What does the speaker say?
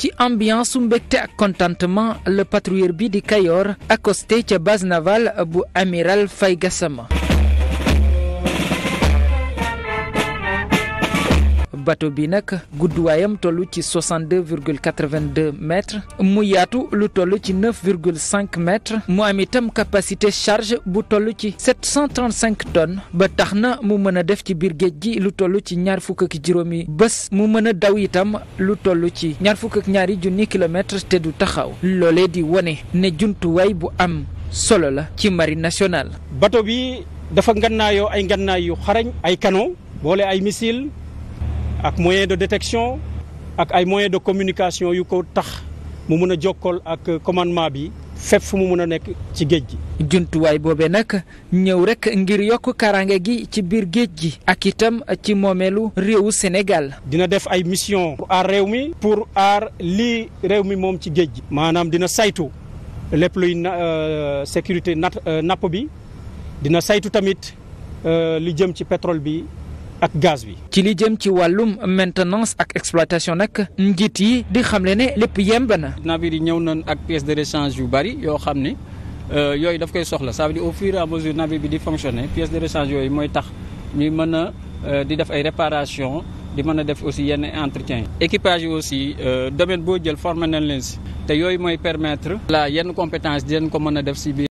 ci ambiance su mbégte ak contentement le patrouilleur bi di Kayor accosté ca base navale bu amiral Faye Gassama bateau bi nag gudduwaayam toll ci 62 virgule 82 mètres mu yaatu lu toll ci 9 virgule 5 mu am itam capacité charge bu toll ci 735 tonnes ba tax na mu mën a def ci biir géej gi lu toll ci ñaar juróomi bés mu mën a daw itam lu toll ci ñaar fukk ñaari junni kilomètres te du taxaw loole di wone ne jumtuwaay bu am solo la ci marine nationale. bateau bi dafa ngannaayoo ay ngannaay yu xarañ ay canon boole ay missile ak moyen de détection ak ay moyen de communication yu ko tax mu mun a jokkool ak commandement bi fépp fu mu mun a nekk ci géej gi. jumtuwaay boobee nag ñëw rek ngir yokk karange gi ci biir géej gi ak itam ci moomeelu réewu Sénégal. dina def ay mission pour aar réew mi. pour aar lii réew mi moom ci géej gi. maanaam dina saytu lépp luy euh, sécurité nat euh, napp bi dina saytu tamit euh, li jëm ci pétrole bi. ak gaz bi. ci li jëm ci wàllum maintenance ak exploitation nag njiit yi di xam ne lépp yemb na. navire yi ñëw nañ ak pièces de rechange yu bari yoo xam ne euh, yooyu daf koy soxla ça veut dire au fur et à mesure navire bi di fonctionner pièces de rechange yooyu mooy tax ñuy mën a euh, di def ay réparations di mën a def aussi yenn entretien équipage yi aussi euh, domaine boo jël formé nañ leen si. te yooyu mooy permettre. la yenn compétence di leen ko mën a def si biir.